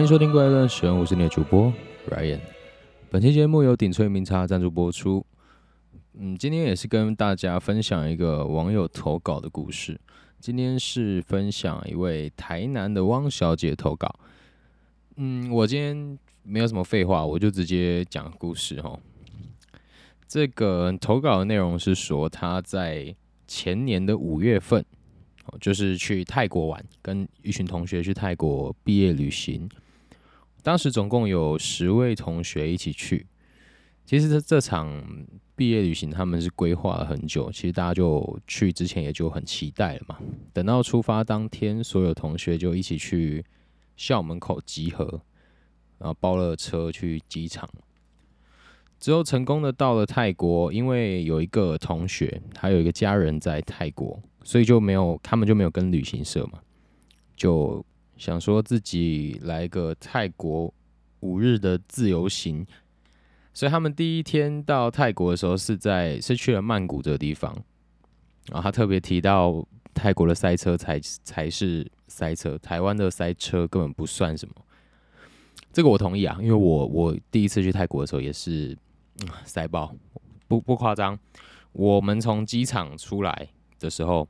歡迎收聽《怪論》，喜歡我是你的主播 Ryan。本期節目由頂翠茗茶贊助播出。嗯，今天也是跟大家分享一個網友投稿的故事。今天是分享一位台南的汪小姐投稿。嗯，我今天沒有什麼廢話，我就直接講故事哦，這個投稿的內容是說，她在前年的五月份，哦，就是去泰國玩，跟一群同學去泰國畢業旅行。當時總共有十位同學一起去。其實這，這場畢業旅行他們是規劃了很久，其實大家就去之前也就很期待了嘛。等到出發當天，所有同學就一起去校門口集合，然後包了車去機場，之後成功的到了泰國。因為有一個同學，還有一個家人在泰國，所以就沒有，他們就沒有跟旅行社嘛，就。想說自己來個泰國五日的自由行，所以他們第一天到泰國的時候是在是去了曼谷這個地方。啊，他特別提到泰國的塞車才才是塞車，台灣的塞車根本不算什麼。這個我同意啊，因為我我第一次去泰國的時候也是，嗯，塞爆，不不誇張。我們從機場出來的時候。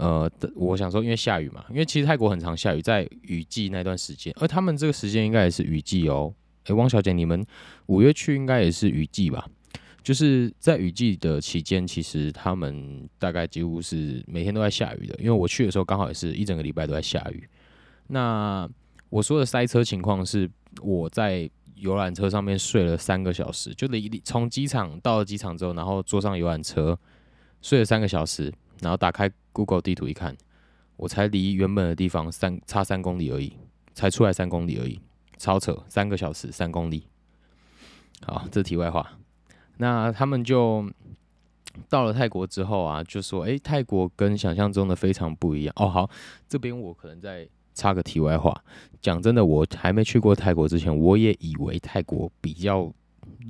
呃，我想說，因為下雨嘛，因為其實泰國很常下雨，在雨季那段時間，而他們這個時間應該也是雨季哦。哎，汪小姐，你們五月去應該也是雨季吧？就是在雨季的期間，其實他們大概幾乎是每天都在下雨的。因為我去的時候剛好也是一整個禮拜都在下雨。那我說的塞車情況是我在遊覽車上面睡了三個小時，就離，從機場到了機場之後，然後坐上遊覽車睡了三個小時。然後打開 Google 地圖一看，我才離原本的地方三差三公里而已，才出來三公里而已，超扯！三個小時三公里。好，這題外話。那他們就到了泰國之後啊，就說：“誒，泰國跟想象中的非常不一樣。”哦，好，這邊我可能再插個題外話。講真的，我還沒去過泰國之前，我也以為泰國比較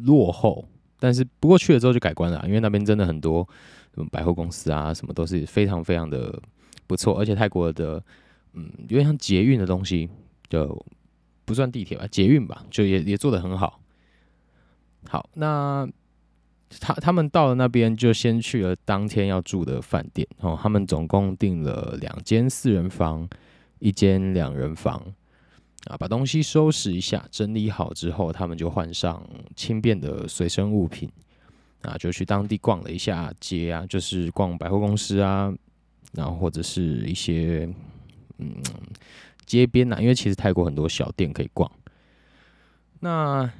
落後。但是不過去了之後就改觀了啊，因為那邊真的很多，什麼百貨公司啊，什麼都是非常非常的不錯。而且泰國的，嗯，有點像捷運的東西，就不算地鐵吧，捷運吧，就也也做得很好。好，那他他們到了那邊就先去了當天要住的飯店哦，他們總共訂了兩間四人房，一間兩人房。啊，把東西收拾一下，整理好之後，他們就換上輕便的隨身物品，啊，就去當地逛了一下街啊，就是逛百貨公司啊，然後或者是一些嗯街邊啊，因為其實泰國很多小店可以逛。那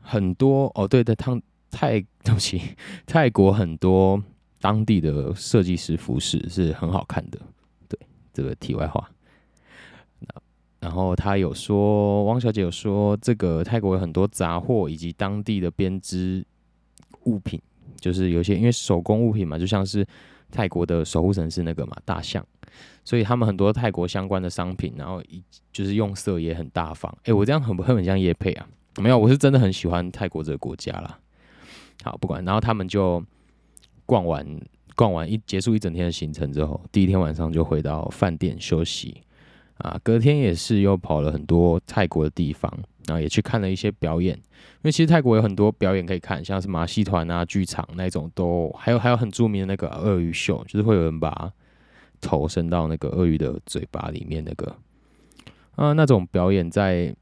很多哦，對對，泰泰，對不起，泰國很多當地的設計師服飾是很好看的。對，這個題外話。然後他有說，汪小姐有說，這個泰國有很多雜貨以及當地的編織物品，就是有些因為手工物品嘛，就像是泰國的守護神是那個嘛大象，所以他們很多泰國相關的商品，然後一就是用色也很大方。哎，我這樣很不很像業配啊？沒有，我是真的很喜歡泰國這個國家啦。好，不管，然後他們就逛完逛完一結束一整天的行程之後，第一天晚上就回到飯店休息。啊，隔天也是又跑了很多泰國的地方，然後也去看了一些表演。因為其實泰國有很多表演可以看，像是馬戲團啊、劇場那種都，還有還有很著名的那個鱷魚秀，就是會有人把頭伸到那個鱷魚的嘴巴裡面那個，啊，那種表演在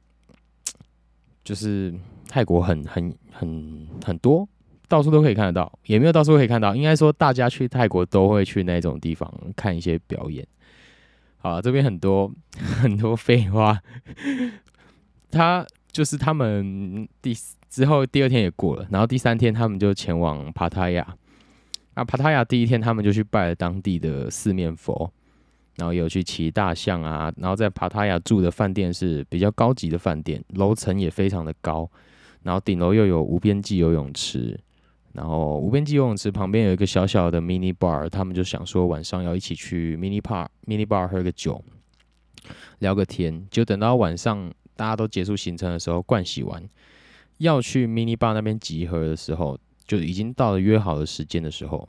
就是泰國很很很很多，到處都可以看得到，也沒有到處都可以看到。應該說，大家去泰國都會去那種地方看一些表演。啊，這邊很多很多廢話。 他就是他們第之後第二天也過了，然後第三天他們就前往帕塔亞。啊，帕塔亞第一天他們就去拜了當地的四面佛，然後有去騎大象啊，然後在帕塔亞住的飯店是比較高級的飯店，樓層也非常的高，然後頂樓又有無邊際游泳池。然後無邊際游泳池旁邊有一個小小的 mini bar，他們就想說晚上要一起去 mini bar mini bar 喝個酒，聊個天。就等到晚上大家都結束行程的時候，盥洗完要去 mini bar 那邊集合的時候，就已經到了約好的時間的時候，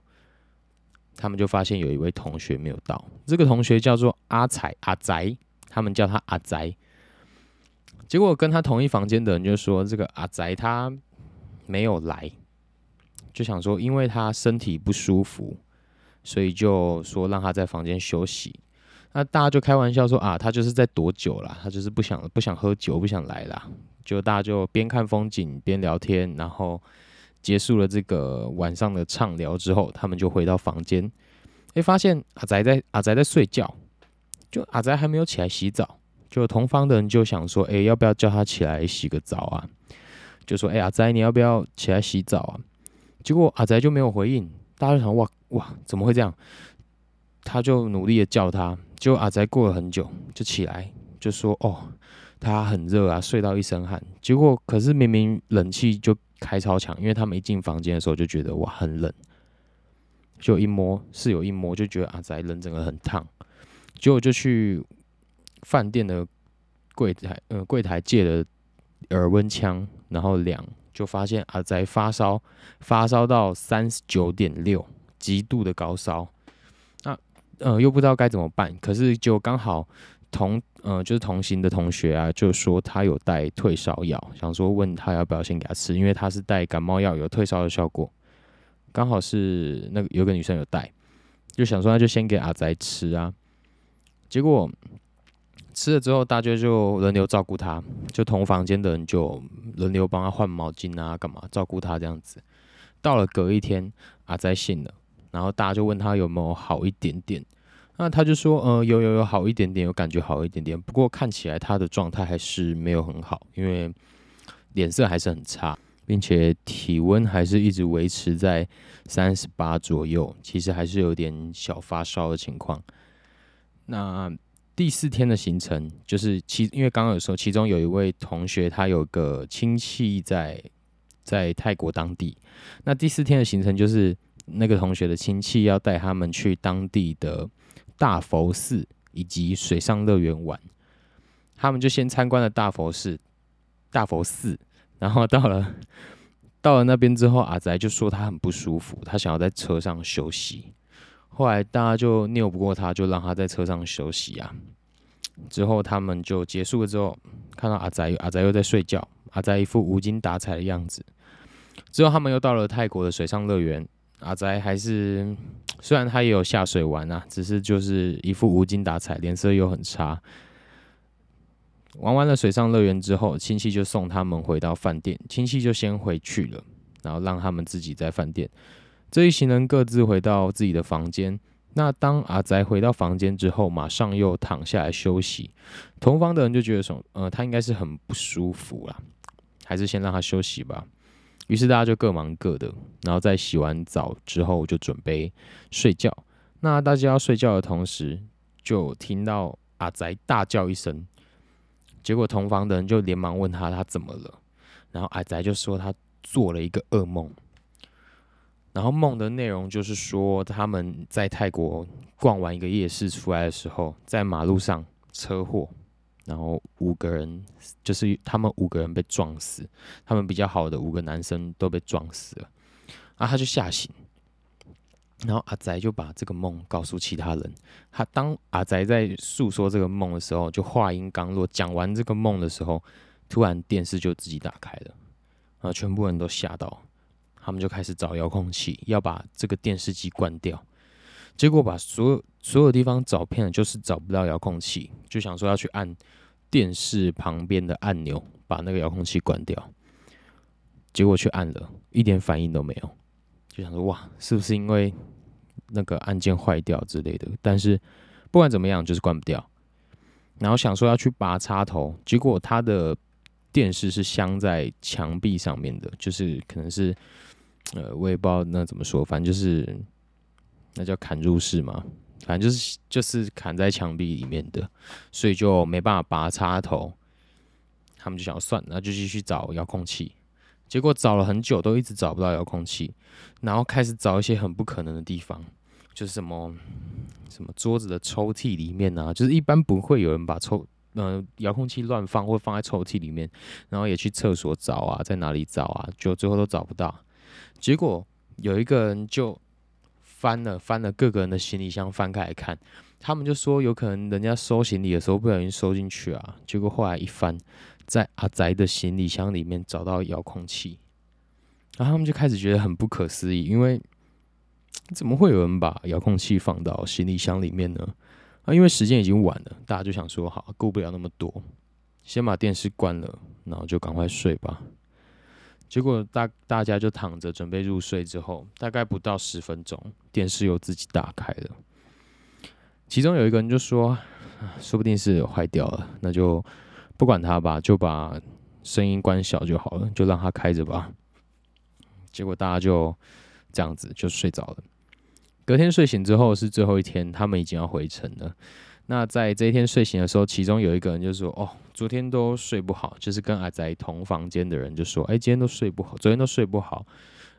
他們就發現有一位同學沒有到。這個同學叫做阿彩阿宅，他們叫他阿宅。結果跟他同一房間的人就說，這個阿宅他沒有來。就想說，因為他身體不舒服，所以就說讓他在房間休息。那大家就開玩笑說：“啊，他就是在躲酒啦，他就是不想不想喝酒，不想來啦。”就大家就邊看風景邊聊天，然後結束了這個晚上的暢聊之後，他們就回到房間，欸，發現阿宅在阿宅在睡覺，就阿宅還沒有起來洗澡，就同房的人就想說：“欸，要不要叫他起來洗個澡啊？”就說：“欸，阿宅，你要不要起來洗澡啊？”結果阿宅就沒有回應，大家都想，哇哇，怎麼會這樣？他就努力的叫他，結果阿宅過了很久就起來，就說，哦，他很熱啊，睡到一身汗。結果可是明明冷氣就開超強，因為他們一進房間的時候就覺得哇很冷，就一摸，室友一摸就覺得阿宅人整個很燙，結果就去飯店的櫃檯，嗯、呃、櫃檯借了耳溫槍，然後量。就發現阿仔發燒，發燒到三十九點六，極度的高燒，那、啊、呃又不知道該怎麼辦。可是就剛好同呃就是同行的同學啊，就說他有帶退燒藥，想說問他要不要先給他吃，因為他是帶感冒藥有退燒的效果，剛好是那個有個女生有帶，就想說那就先給阿仔吃啊，結果。吃了之後，大家就輪流照顧他，就同房間的人就輪流幫他換毛巾啊，幹嘛照顧他這樣子。到了隔一天，阿在醒了，然後大家就問他有沒有好一點點，那他就說，嗯，有有有好一點點，有感覺好一點點，不過看起來他的狀態還是沒有很好，因為臉色還是很差，並且體溫還是一直維持在三十八左右，其實還是有點小發燒的情況。那。第四天的行程就是其，因為剛剛有說，其中有一位同學，他有個親戚在在泰國當地。那第四天的行程就是那個同學的親戚要帶他們去當地的大佛寺以及水上樂園玩。他們就先參觀了大佛寺，大佛寺，然後到了到了那邊之後，阿宅就說他很不舒服，他想要在車上休息。後來大家就拗不過他，就讓他在車上休息啊。之後他們就結束了之後，看到阿宅，阿宅又在睡覺，阿宅一副無精打采的樣子。之後他們又到了泰國的水上樂園，阿宅還是雖然他也有下水玩啊，只是就是一副無精打采，臉色又很差。玩完了水上樂園之後，親戚就送他們回到飯店，親戚就先回去了，然後讓他們自己在飯店。這一行人各自回到自己的房間。那當阿宅回到房間之後，馬上又躺下來休息。同房的人就覺得說，呃，他應該是很不舒服啦，還是先讓他休息吧。於是大家就各忙各的。然後在洗完澡之後就準備睡覺。那大家要睡覺的同時，就聽到阿宅大叫一聲。結果同房的人就連忙問他，他怎麼了？然後阿宅就說他做了一個噩夢。然後夢的內容就是說，他們在泰國逛完一個夜市出來的時候，在馬路上車禍，然後五個人就是他們五個人被撞死，他們比較好的五個男生都被撞死了，啊，他就嚇醒，然後阿宅就把這個夢告訴其他人。他當阿宅在訴說這個夢的時候，就話音剛落，講完這個夢的時候，突然電視就自己打開了，啊，然後全部人都嚇到。他們就開始找遙控器，要把這個電視機關掉。結果把所有所有地方找遍了，就是找不到遙控器。就想說要去按電視旁邊的按鈕，把那個遙控器關掉。結果去按了一點反應都沒有，就想說哇，是不是因為那個按鍵壞掉之類的？但是不管怎麼樣，就是關不掉。然後想說要去拔插頭，結果它的電視是鑲在牆壁上面的，就是可能是。呃，我也不知道那怎麼說，反正就是那叫“砍入式”嘛，反正就是就是砍在牆壁裡面的，所以就沒辦法拔插頭。他們就想算了，然後就繼續找遙控器，結果找了很久都一直找不到遙控器，然後開始找一些很不可能的地方，就是什麼什麼桌子的抽屜裡面啊，就是一般不會有人把抽，呃，遙控器亂放或放在抽屜裡面，然後也去廁所找啊，在哪裡找啊，就最後都找不到。結果有一個人就翻了翻了各個人的行李箱，翻開來看，他們就說有可能人家收行李的時候不小心收進去啊。結果後來一翻，在阿宅的行李箱裡面找到遙控器，然後他們就開始覺得很不可思議，因為怎麼會有人把遙控器放到行李箱裡面呢？啊，因為時間已經晚了，大家就想說好，顧不了那麼多，先把電視關了，然後就趕快睡吧。結果大大家就躺着準備入睡之後，大概不到十分鐘，電視又自己打開了。其中有一個人就說：“說不定是壞掉了，那就不管它吧，就把聲音關小就好了，就讓它開着吧。”結果大家就這樣子就睡着了。隔天睡醒之後是最後一天，他們已經要回程了。那在這一天睡醒的時候，其中有一個人就說：“哦，昨天都睡不好。”就是跟阿仔同房間的人就說：“欸，今天都睡不好，昨天都睡不好。”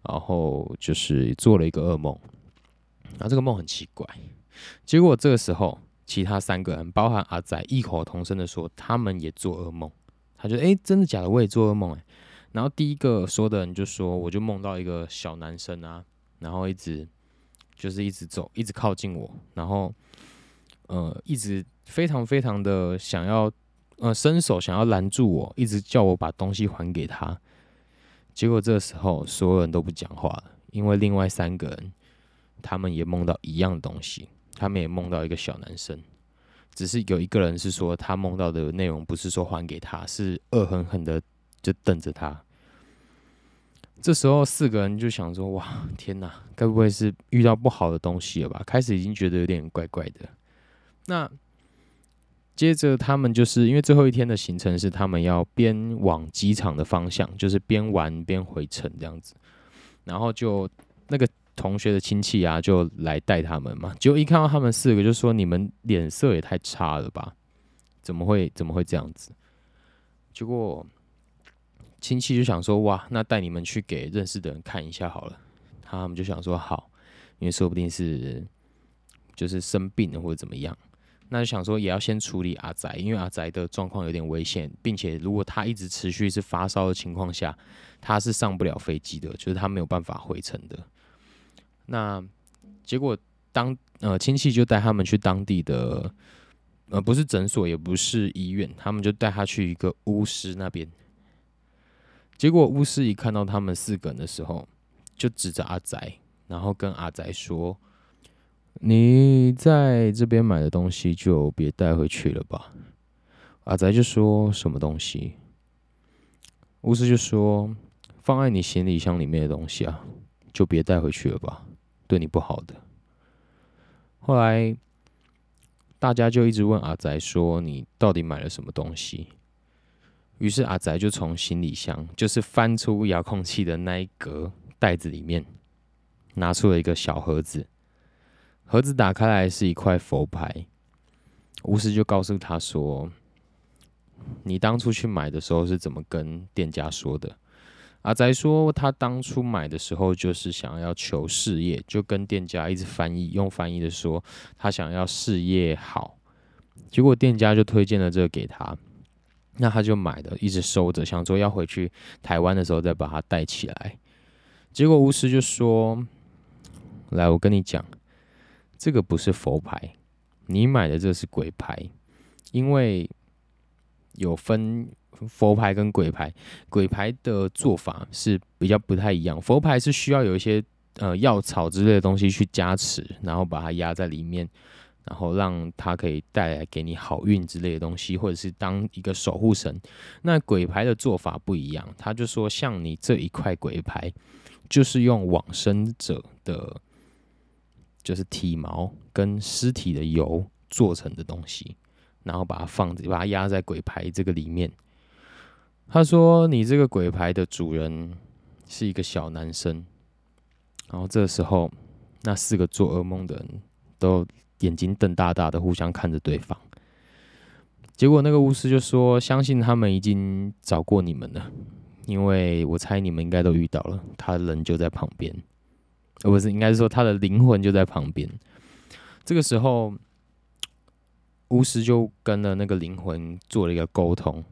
然後就是做了一個噩夢，然後這個夢很奇怪。結果這個時候，其他三個人，包含阿仔，異口同聲的說：“他們也做噩夢。”他就：“欸，真的假的？我也做噩夢。欸。”然後第一個說的人就說：“我就夢到一個小男生啊，然後一直就是一直走，一直靠近我，然後。”呃，一直非常非常的想要，呃，伸手想要攔住我，一直叫我把東西還給他。結果這時候所有人都不講話了，因為另外三個人他們也夢到一樣東西，他們也夢到一個小男生，只是有一個人是說他夢到的內容不是說還給他，是惡狠狠的就瞪着他。這時候四個人就想說：“哇，天哪，該不會是遇到不好的東西了吧？”開始已經覺得有點怪怪的。那接着他們就是因為最後一天的行程是他們要邊往機場的方向，就是邊玩邊回程這樣子。然後就那個同學的親戚啊，就來帶他們嘛。結果一看到他們四個，就說：“你們臉色也太差了吧？怎麼會怎麼會這樣子？”結果親戚就想說：“哇，那帶你們去給認識的人看一下好了。”他們就想說：“好，因為說不定是就是生病了或者怎麼樣。”那就想說，也要先處理阿宅，因為阿宅的狀況有點危險，並且如果他一直持續是發燒的情況下，他是上不了飛機的，就是他沒有辦法回程的。那結果當呃親戚就帶他們去當地的，呃不是診所也不是醫院，他們就帶他去一個巫師那邊。結果巫師一看到他們四個人的時候，就指着阿宅，然後跟阿宅說。你在這邊買的東西，就別帶回去了吧。阿宅就說：“什麼東西？”巫師就說：“放在你行李箱裡面的東西啊，就別帶回去了吧，對你不好的。”後來大家就一直問阿宅說：“你到底買了什麼東西？”於是阿宅就從行李箱，就是翻出遙控器的那一格袋子裡面，拿出了一個小盒子。盒子打開來是一塊佛牌，巫師就告訴他說：“你當初去買的時候是怎麼跟店家說的？”阿仔說：“他當初買的時候就是想要求事業，就跟店家一直翻譯，用翻譯的說他想要事業好，結果店家就推薦了這個給他，那他就買的，一直收着，想說要回去台灣的時候再把它帶起來。結果巫師就說：‘來，我跟你講。’”這個不是佛牌，你買的這是鬼牌，因為有分佛牌跟鬼牌。鬼牌的做法是比較不太一樣，佛牌是需要有一些呃藥草之類的東西去加持，然後把它壓在裡面，然後讓它可以帶來給你好運之類的東西，或者是當一個守護神。那鬼牌的做法不一樣，他就說像你這一塊鬼牌，就是用往生者的。就是體毛跟屍體的油做成的東西，然後把它放，把它壓在鬼牌這個裡面。他說：“你這個鬼牌的主人是一個小男生。”然後這時候，那四個做噩夢的人都眼睛瞪大大的，互相看着對方。結果那個巫師就說：“相信他們已經找過你們了，因為我猜你們應該都遇到了，他人就在旁邊。”而不是，應該是說他的靈魂就在旁邊。這個時候，巫師就跟了那個靈魂做了一個溝通，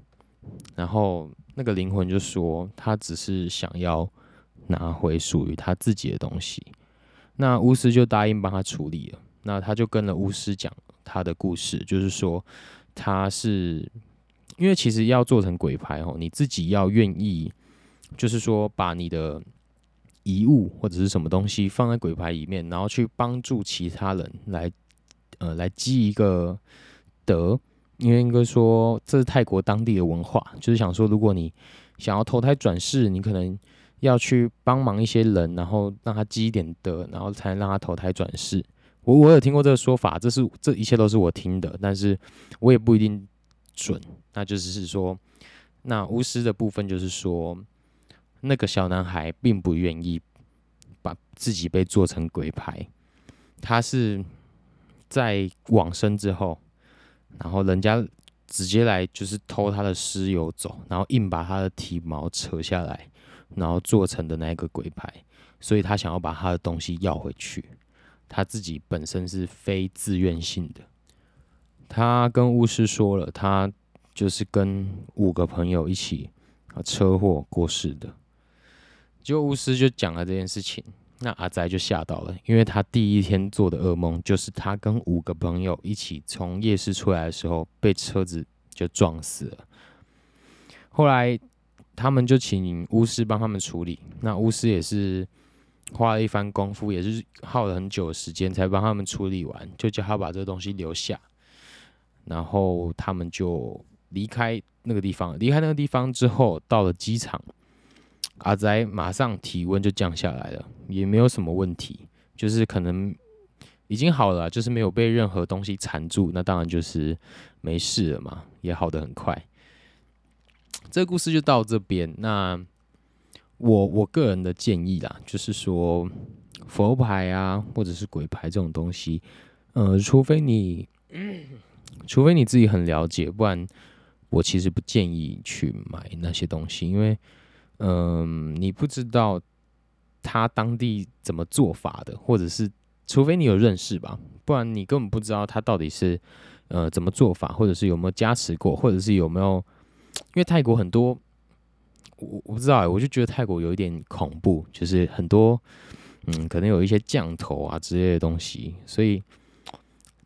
然後那個靈魂就說，他只是想要拿回屬於他自己的東西。那巫師就答應幫他處理了。那他就跟了巫師講他的故事，就是說，他是因為其實要做成鬼牌後，你自己要願意，就是說把你的。遺物或者是什麼東西放在鬼牌裡面，然後去幫助其他人來，呃，來積一個德。因為應該說這是泰國當地的文化，就是想說，如果你想要投胎轉世，你可能要去幫忙一些人，然後讓他積一點德，然後才能讓他投胎轉世。我我有聽過這個說法，這是這一切都是我聽的，但是我也不一定準。那就是說，那巫師的部分就是說。那個小男孩並不願意把自己被做成鬼牌，他是在往生之後，然後人家直接來就是偷他的屍油走，然後硬把他的體毛扯下來，然後做成的那個鬼牌，所以他想要把他的東西要回去。他自己本身是非自願性的，他跟巫師說了，他就是跟五個朋友一起啊車禍過世的。就巫師就講了這件事情，那阿宅就嚇到了，因為他第一天做的噩夢就是他跟五個朋友一起從夜市出來的時候被車子就撞死了。後來他們就請巫師幫他們處理，那巫師也是花了一番功夫，也是耗了很久的時間才幫他們處理完，就叫他把這個東西留下。然後他們就離開那個地方，離開那個地方之後，到了機場。阿仔馬上體溫就降下來了，也沒有什麼問題，就是可能已經好了，就是沒有被任何東西纏住，那當然就是沒事了嘛，也好得很快。這個故事就到這邊。那我我個人的建議啦，就是說佛牌啊，或者是鬼牌這種東西，呃，除非你、嗯、除非你自己很了解，不然我其實不建議去買那些東西，因為。嗯，你不知道他當地怎麼做法的，或者是除非你有認識吧，不然你根本不知道他到底是呃怎麼做法，或者是有沒有加持過，或者是有沒有，因為泰國很多我我不知道哎，我就覺得泰國有一點恐怖，就是很多嗯可能有一些降頭啊之類的東西，所以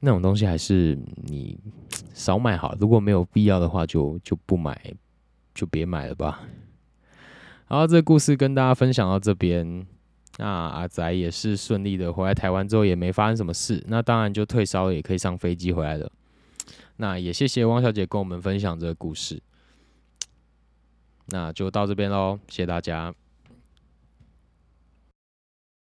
那種東西還是你少買好，如果沒有必要的話就，就就不買，就別買了吧。然後這個故事跟大家分享到這邊，那阿仔也是順利的回來台灣之後，也沒發生什麼事。那當然就退燒了，也可以上飛機回來的。那也謝謝汪小姐跟我們分享這個故事，那就到這邊嘍，謝謝大家。